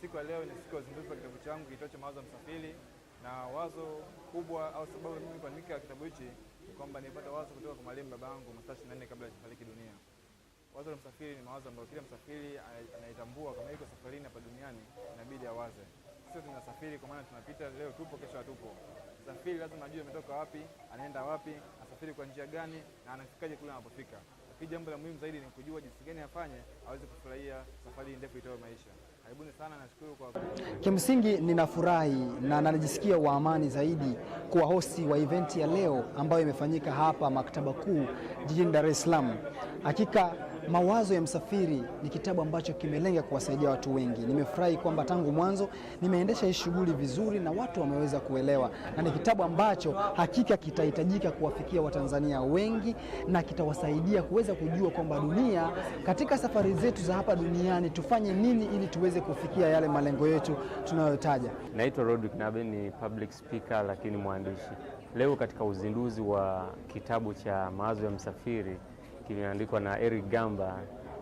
Siku ya leo ni siku ya uzinduzi wa kitabu changu kiitwacho Mawazo ya Msafiri, na wazo kubwa au sababu mimi kuandika kitabu hichi ni kwamba nilipata wazo kutoka kwa mwalimu baba yangu masaa 24 kabla hajafariki dunia. Wazo la msafiri ni mawazo ambayo kila msafiri anaitambua kama yuko safarini hapa duniani, inabidi awaze. Sisi tunasafiri kwa maana tunapita, leo tupo, kesho hatupo. Msafiri lazima ajue ametoka wapi, anaenda wapi, asafiri kwa njia gani, na anafikaje kule anapofika. Lakini jambo la muhimu zaidi ni kujua jinsi gani afanye aweze kufurahia safari ndefu itayo maisha kimsingi, ninafurahi na najisikia wa amani zaidi kuwa hosti wa eventi ya leo ambayo imefanyika hapa maktaba kuu jijini Dar es Salaam. Hakika Mawazo ya Msafiri ni kitabu ambacho kimelenga kuwasaidia watu wengi. Nimefurahi kwamba tangu mwanzo nimeendesha hii shughuli vizuri na watu wameweza kuelewa, na ni kitabu ambacho hakika kitahitajika kuwafikia Watanzania wengi na kitawasaidia kuweza kujua kwamba dunia, katika safari zetu za hapa duniani tufanye nini ili tuweze kufikia yale malengo yetu tunayotaja. Naitwa Rodrick Nabe, ni public speaker lakini mwandishi. Leo katika uzinduzi wa kitabu cha Mawazo ya Msafiri kimeandikwa na Eric Gamba.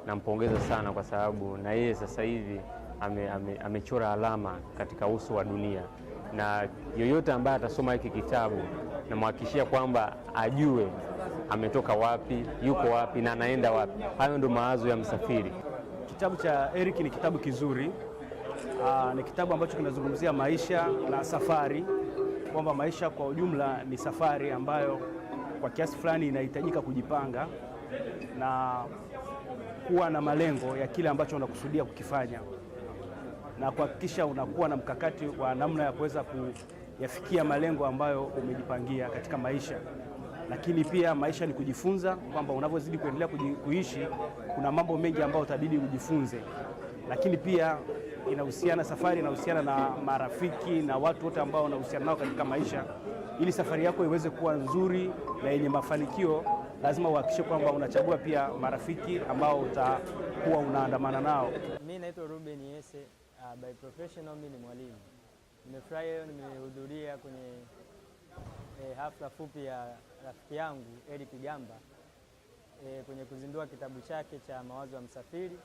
Nampongeza sana kwa sababu na yeye sasa hivi amechora ame, ame alama katika uso wa dunia, na yoyote ambaye atasoma hiki kitabu namhakikishia kwamba ajue ametoka wapi, yuko wapi na anaenda wapi. Hayo ndio mawazo ya msafiri. Kitabu cha Eric ni kitabu kizuri. Aa, ah, ni kitabu ambacho kinazungumzia maisha na safari, kwamba maisha kwa ujumla ni safari ambayo kwa kiasi fulani inahitajika kujipanga na kuwa na malengo ya kile ambacho unakusudia kukifanya na kuhakikisha unakuwa na mkakati wa namna ya kuweza kuyafikia malengo ambayo umejipangia katika maisha. Lakini pia maisha ni kujifunza, kwamba unavyozidi kuendelea kuishi kuna mambo mengi ambayo utabidi ujifunze, lakini pia inahusiana safari, inahusiana na marafiki na watu wote ambao unahusiana nao katika maisha, ili safari yako iweze kuwa nzuri na yenye mafanikio lazima uhakikishe kwamba unachagua pia marafiki ambao utakuwa unaandamana nao. Mimi naitwa Ruben Yese, uh, by professional mimi ni mwalimu. Nimefurahi leo nimehudhuria kwenye eh, hafla fupi ya rafiki yangu Eric Gamba eh, kwenye kuzindua kitabu chake cha Mawazo ya Msafiri.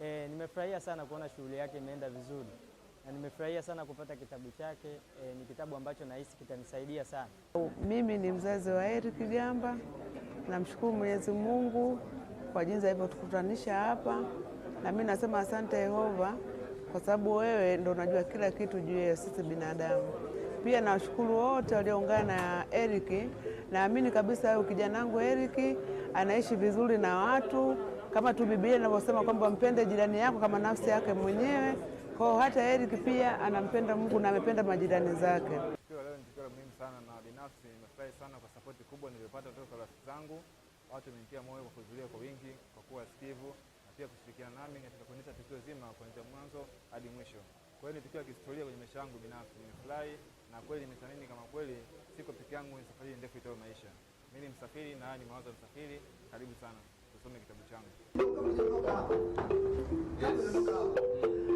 Eh, nimefurahia sana kuona shughuli yake imeenda vizuri na nimefurahia sana kupata kitabu chake. E, ni kitabu ambacho nahisi kitanisaidia sana. Mimi ni mzazi wa Eric Gamba. Namshukuru Mwenyezi Mungu kwa jinsi alivyotukutanisha hapa, na mimi nasema asante Yehova, kwa sababu wewe ndo unajua kila kitu juu ya sisi binadamu. Pia nawashukuru wote walioungana na Eric. Naamini kabisa huyu kijana wangu Eric anaishi vizuri na watu, kama tu Biblia inavyosema kwamba mpende jirani yako kama nafsi yake mwenyewe. Kwa hata Eric pia anampenda Mungu na amependa majirani zake binafsi nimefurahi sana kwa sapoti kubwa niliyopata kutoka kwa rafiki zangu. Watu wamenitia moyo kwa kuhudhuria kwa wingi, kwa kuwa wasikivu na pia kushirikiana nami katika kuendesha tukio zima kuanzia mwanzo hadi mwisho. Kwa hiyo ni tukio la kihistoria kwenye maisha yangu binafsi. Nimefurahi na kweli nimethamini kama kweli siko peke yangu ni safari ndefu itayo maisha. Mimi ni msafiri na haya ni mawazo ya msafiri. Karibu sana tusome kitabu changu. Yes.